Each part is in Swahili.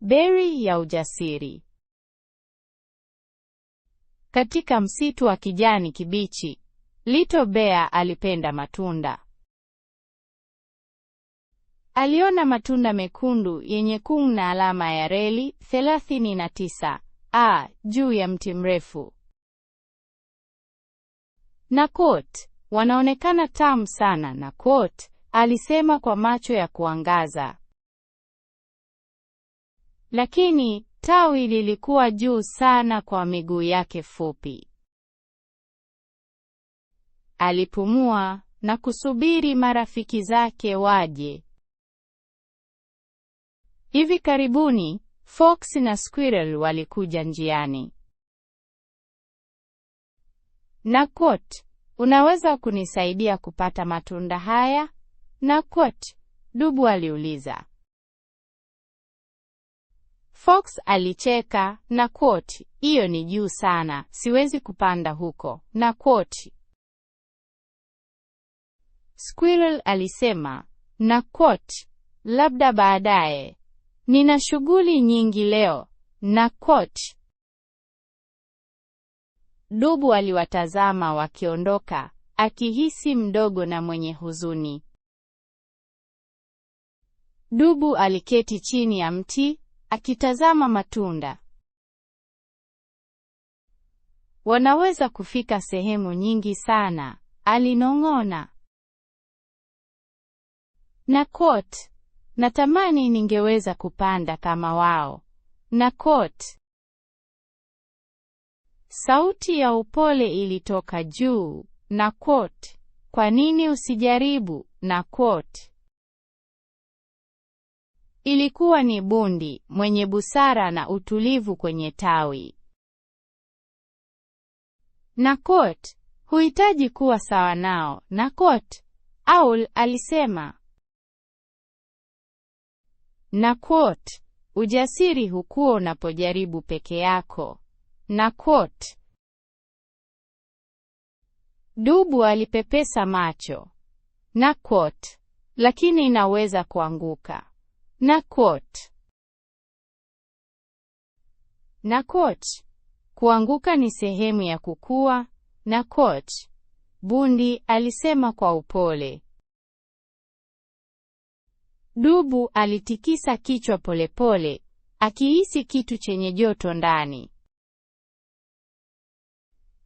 Beri ya ujasiri. Katika msitu wa kijani kibichi, Little Bear alipenda matunda. Aliona matunda mekundu yenye kung na alama ya reli 39 a juu ya mti mrefu. Na quote, wanaonekana tamu sana na quote, alisema kwa macho ya kuangaza lakini tawi lilikuwa juu sana kwa miguu yake fupi. Alipumua na kusubiri marafiki zake waje. Hivi karibuni Fox na Squirrel walikuja njiani. Nakot, unaweza kunisaidia kupata matunda haya? Nakot, dubu aliuliza. Fox alicheka na quote, hiyo ni juu sana, siwezi kupanda huko na quote. Squirrel alisema na quote, labda baadaye, nina shughuli nyingi leo na quote. Dubu aliwatazama wakiondoka, akihisi mdogo na mwenye huzuni. Dubu aliketi chini ya mti akitazama matunda. Wanaweza kufika sehemu nyingi sana, alinong'ona. Na kot, natamani ningeweza kupanda kama wao. Na kot. Sauti ya upole ilitoka juu. Na kot. Kwa nini usijaribu? Na kot. Ilikuwa ni bundi mwenye busara na utulivu kwenye tawi. kot, huhitaji kuwa sawa nao, kot, Aul alisema. kot, ujasiri hukuwa unapojaribu peke yako. kot. Dubu alipepesa macho. kot, lakini inaweza kuanguka na quote. Na quote. Kuanguka ni sehemu ya kukua na quote. Bundi alisema kwa upole. Dubu alitikisa kichwa polepole, akihisi kitu chenye joto ndani.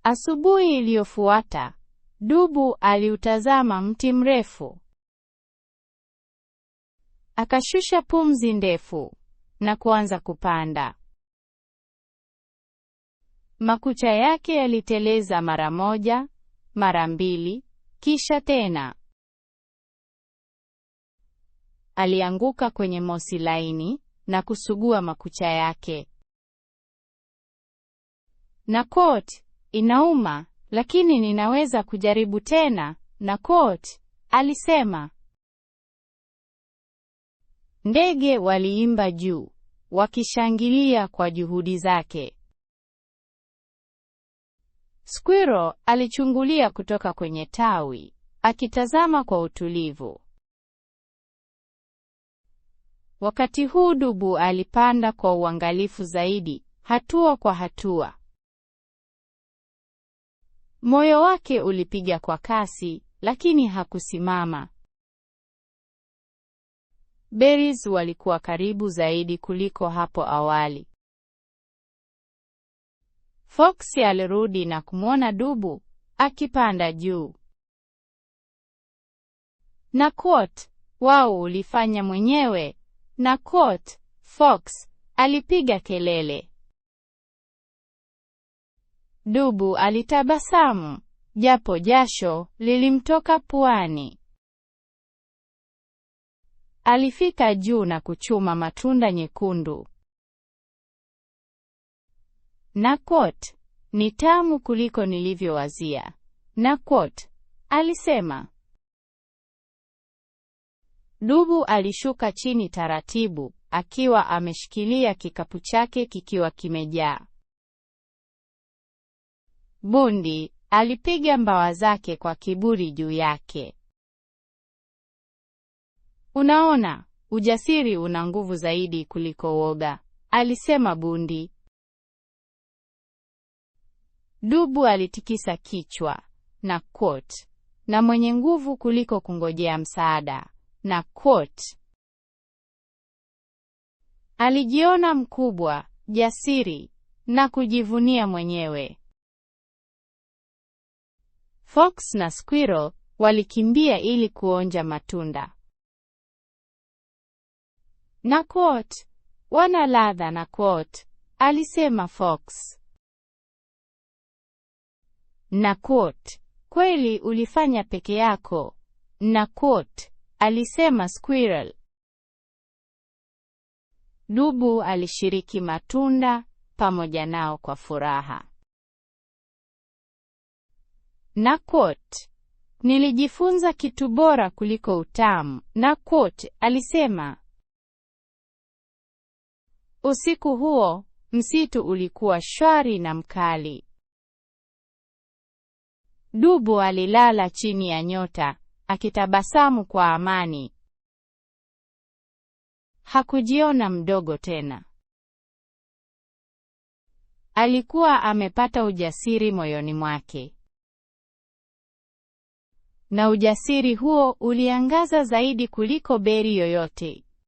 Asubuhi iliyofuata, Dubu aliutazama mti mrefu. Akashusha pumzi ndefu na kuanza kupanda. Makucha yake yaliteleza mara moja, mara mbili, kisha tena. Alianguka kwenye mosi laini na kusugua makucha yake. Na kot, inauma, lakini ninaweza kujaribu tena. Na kot, alisema. Ndege waliimba juu, wakishangilia kwa juhudi zake. Squirrel alichungulia kutoka kwenye tawi, akitazama kwa utulivu. Wakati huu dubu alipanda kwa uangalifu zaidi, hatua kwa hatua. Moyo wake ulipiga kwa kasi, lakini hakusimama. Berries walikuwa karibu zaidi kuliko hapo awali. Fox alirudi na kumwona dubu akipanda juu. Na quote, wao ulifanya mwenyewe. Na quote, Fox alipiga kelele. Dubu alitabasamu, japo jasho lilimtoka puani. Alifika juu na kuchuma matunda nyekundu. quote, ni tamu kuliko nilivyowazia. quote, alisema. Dubu alishuka chini taratibu, akiwa ameshikilia kikapu chake kikiwa kimejaa. Bundi alipiga mbawa zake kwa kiburi juu yake. Unaona, ujasiri una nguvu zaidi kuliko woga, alisema bundi. Dubu alitikisa kichwa na quote, na mwenye nguvu kuliko kungojea msaada na quote. Alijiona mkubwa, jasiri na kujivunia mwenyewe. Fox na squirrel walikimbia ili kuonja matunda na quote, wana ladha na quote, alisema Fox na quote, kweli ulifanya peke yako na quote, alisema Squirrel. Dubu alishiriki matunda pamoja nao kwa furaha na quote, nilijifunza kitu bora kuliko utamu na quote, alisema Usiku huo msitu ulikuwa shwari na mkali. Dubu alilala chini ya nyota akitabasamu kwa amani. Hakujiona mdogo tena. Alikuwa amepata ujasiri moyoni mwake. Na ujasiri huo uliangaza zaidi kuliko beri yoyote.